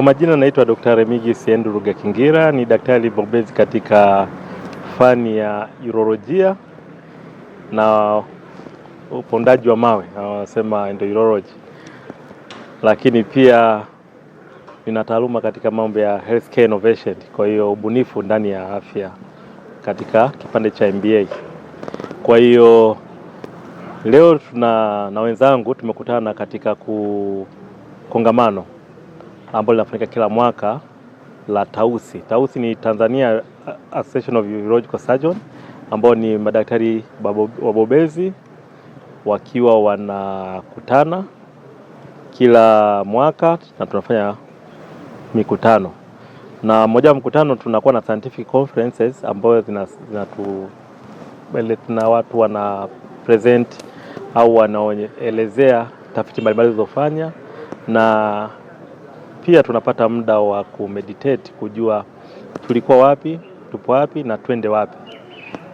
Kwa majina naitwa Dr. Remigi Siendu Ruga Kingira, ni daktari bobezi katika fani ya urolojia na upondaji wa mawe wanasema endourology, lakini pia nina taaluma katika mambo ya healthcare innovation, kwa hiyo ubunifu ndani ya afya katika kipande cha MBA. Kwa hiyo leo tuna na wenzangu tumekutana katika ku kongamano ambalo linafanyika kila mwaka la Tausi. Tausi ni Tanzania uh, Association of Urological Surgeon ambao ni madaktari wabobezi wakiwa wanakutana kila mwaka na tunafanya mikutano na moja wa mkutano tunakuwa na scientific conferences ambayo na watu wana present au wanaelezea tafiti mbalimbali zilizofanya na pia tunapata muda wa kumeditate, kujua tulikuwa wapi, tupo wapi na twende wapi.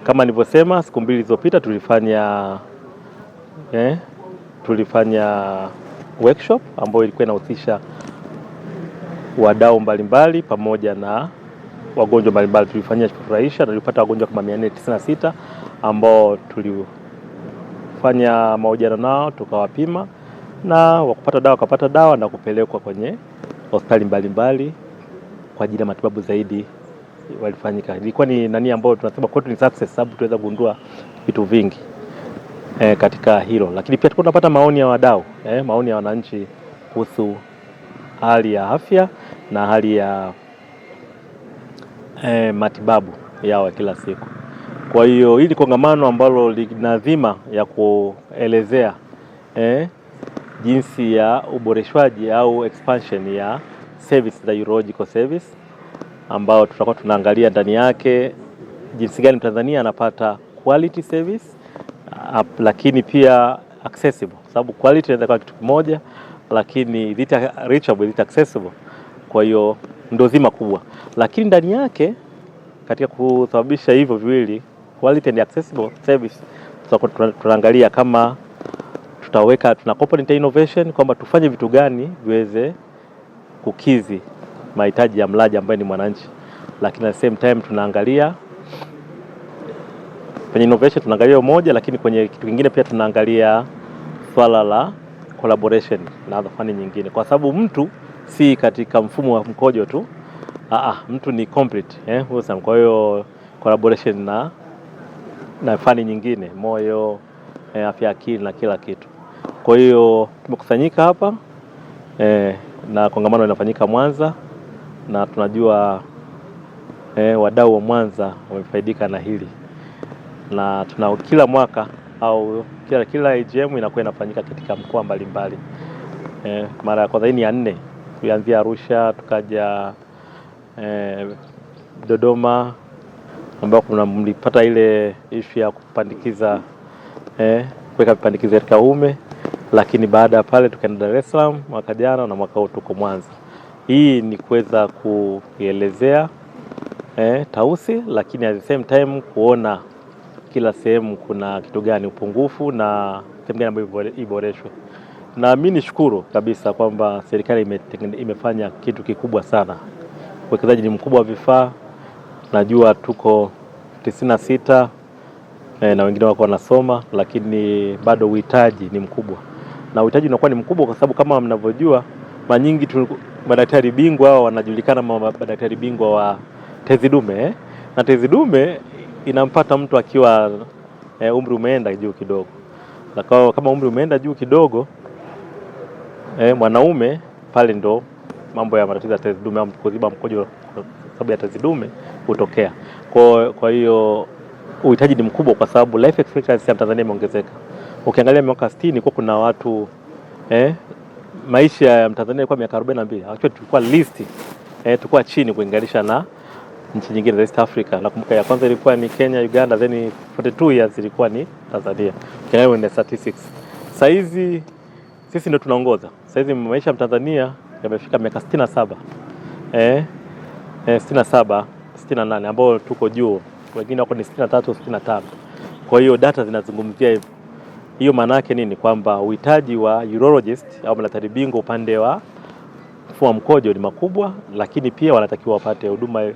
Kama nilivyosema siku mbili zilizopita tulifanya eh, tulifanya workshop ambayo ilikuwa inahusisha wadau mbalimbali pamoja na wagonjwa mbalimbali. Tulifanyia kufurahisha na tulipata wagonjwa kama 496 ambao tulifanya mahojiano nao tukawapima na wakupata dawa wakapata dawa na kupelekwa kwenye hospitali mbalimbali kwa ajili ya matibabu zaidi walifanyika. Ilikuwa ni nani ambayo tunasema kwetu ni success, sababu tuweza kugundua vitu vingi e, katika hilo, lakini pia tulikuwa tunapata maoni ya wadau e, maoni ya wananchi kuhusu hali ya afya na hali ya e, matibabu yao ya kila siku. Kwa hiyo hili kongamano ambalo lina dhima ya kuelezea eh, jinsi ya uboreshwaji au expansion ya service za urological service, ambao tutakuwa tunaangalia ndani yake jinsi gani Mtanzania anapata quality service uh, lakini pia accessible, sababu quality inaweza kuwa kitu kimoja, lakini zita reachable, zita accessible. Kwa hiyo ndo zima kubwa, lakini ndani yake katika kusababisha hivyo viwili, quality and accessible service, tunaangalia kama tutaweka tuna component innovation kwamba tufanye vitu gani viweze kukidhi mahitaji ya mlaji ambaye ni mwananchi, lakini at the same time tunaangalia kwenye innovation tunaangalia moja, lakini kwenye kitu kingine pia tunaangalia swala la collaboration na fani nyingine, kwa sababu mtu si katika mfumo wa mkojo tu. Aa, mtu ni complete eh. Kwa hiyo collaboration na na fani nyingine, moyo, eh, afya akili na kila kitu. Kwa hiyo tumekusanyika hapa e, na kongamano linafanyika Mwanza na tunajua e, wadau wa Mwanza wamefaidika na hili na tuna kila mwaka au kila, kila AGM inakuwa inafanyika katika mkoa mbalimbali e, mara ya kwanza hii ni ya nne, kuanzia Arusha tukaja e, Dodoma ambapo mlipata ile ishu ya kupandikiza eh, kuweka vipandikizi katika ume lakini baada ya pale tukaenda Dar es Salaam mwaka jana na mwaka huu tuko Mwanza. Hii ni kuweza kuelezea eh, Tausi, lakini at the same time kuona kila sehemu kuna kitu gani upungufu na sehemu gani ambayo iboreshwe. Na mimi nishukuru kabisa kwamba serikali ime, imefanya kitu kikubwa sana. Uwekezaji ni mkubwa wa vifaa, najua tuko tisini na sita eh, na wengine wako wanasoma, lakini bado uhitaji ni mkubwa na uhitaji unakuwa ni mkubwa, kwa sababu kama mnavyojua, mara nyingi madaktari bingwa hao wanajulikana kama madaktari bingwa wa tezi dume eh? na tezi dume inampata mtu akiwa eh, umri umeenda juu kidogo. Lakao, kama umri umeenda juu kidogo eh, mwanaume pale ndo mambo ya matatizo ya tezi dume au kuziba mkojo sababu ya tezi dume hutokea. Kwa hiyo uhitaji ni mkubwa, kwa sababu life expectancy ya Tanzania imeongezeka ukiangalia miaka 60 ilikuwa kuna watu eh, maisha ya Mtanzania ilikuwa miaka 42. Actually tulikuwa list eh, tulikuwa chini kuinganisha na nchi nyingine za East Africa. Nakumbuka ya kwanza ilikuwa ni Kenya, Uganda, then 42 years ilikuwa ni Tanzania. Ukiangalia ni 36. Sasa hizi sisi ndio tunaongoza. Sasa hizi maisha ya Mtanzania yamefika miaka 67. Eh, eh, 67, 68 ambao tuko juu. Wengine wako ni 63, 65. Kwa hiyo data zinazungumzia hiyo maana yake nini? Kwamba uhitaji wa urologist au madaktari bingwa upande wa mfumo wa mkojo ni makubwa, lakini pia wanatakiwa wapate huduma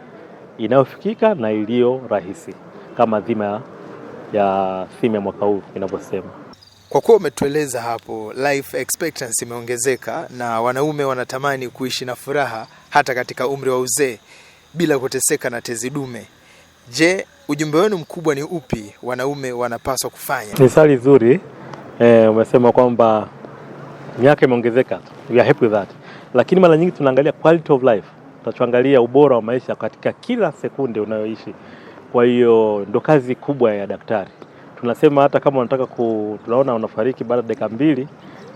inayofikika na iliyo rahisi kama dhima ya theme ya mwaka huu inavyosema. Kwa kuwa umetueleza hapo, life expectancy imeongezeka na wanaume wanatamani kuishi na furaha hata katika umri wa uzee bila kuteseka na tezi dume. Je, ujumbe wenu mkubwa ni upi? Wanaume wanapaswa kufanya? Ni swali zuri. E, umesema kwamba miaka imeongezeka, we are happy with that, lakini mara nyingi tunaangalia quality of life, tunachoangalia ubora wa maisha katika kila sekunde unayoishi. Kwa hiyo ndo kazi kubwa ya daktari. Tunasema hata kama unataka ku, tunaona unafariki baada ya dakika mbili,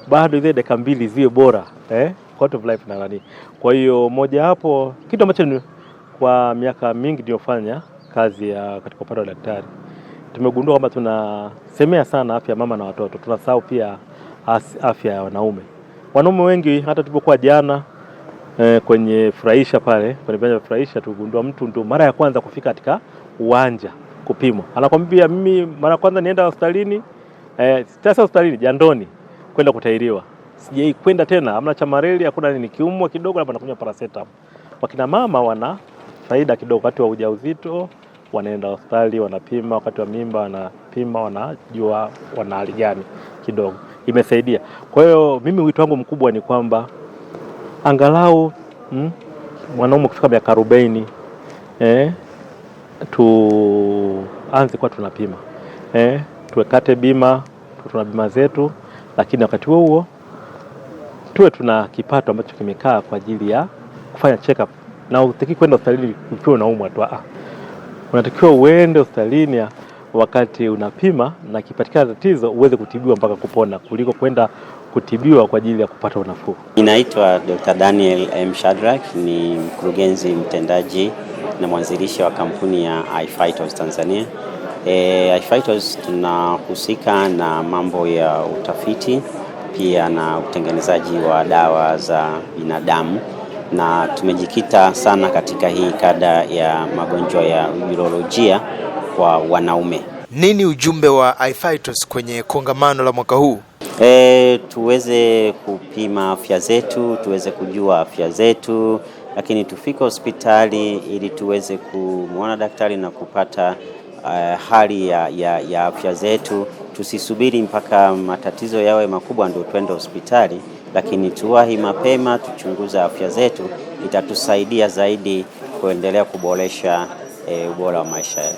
bado ile dakika mbili ziwe bora eh? quality of life na nani. Kwa hiyo moja hapo kitu ambacho kwa miaka mingi niliyofanya kazi ya katika upande wa daktari, tumegundua kwamba tunasemea sana afya ya mama na watoto, tunasahau pia afya ya wanaume. Wanaume wengi hata tulipokuwa jana eh, kwenye furahisha pale kwenye viwanja vya furahisha, tugundua mtu ndio mara ya kwanza kufika katika uwanja kupimwa, anakwambia mimi mara ya kwanza nienda hospitalini eh, sasa hospitalini jandoni kwenda kutahiriwa, sijai kwenda tena, amna cha mareli, hakuna nini, kiumwa kidogo labda nakunywa paracetamol. Wakina mama wana faida kidogo wakati wa ujauzito wanaenda hospitali wanapima, wakati wa mimba wanapima, wanajua wana hali gani kidogo, imesaidia. Kwa hiyo mimi wito wangu mkubwa ni kwamba angalau mm, mwanaume kufika miaka arobaini eh, tuanze kuwa tunapima eh, tuwekate bima, tuna bima zetu, lakini wakati huo huo tuwe tuna kipato ambacho kimekaa kwa ajili ya kufanya check up na utaki kwenda hospitalini ukiwa unaumwa tu. Ah, unatakiwa uende hospitalini wakati unapima na kipatikana tatizo uweze kutibiwa mpaka kupona kuliko kwenda kutibiwa kwa ajili ya kupata unafuu. Ninaitwa Dr. Daniel M. Shadrack, ni mkurugenzi mtendaji na mwanzilishi wa kampuni ya iFighters Tanzania. E, iFighters tunahusika na mambo ya utafiti pia na utengenezaji wa dawa za binadamu na tumejikita sana katika hii kada ya magonjwa ya urolojia kwa wanaume. Nini ujumbe wa iFITOS kwenye kongamano la mwaka huu? E, tuweze kupima afya zetu, tuweze kujua afya zetu, lakini tufike hospitali ili tuweze kumwona daktari na kupata uh, hali ya, ya, ya afya zetu. Tusisubiri mpaka matatizo yawe makubwa ndio tuende hospitali lakini tuwahi mapema, tuchunguze afya zetu, itatusaidia zaidi kuendelea kuboresha e, ubora wa maisha yetu.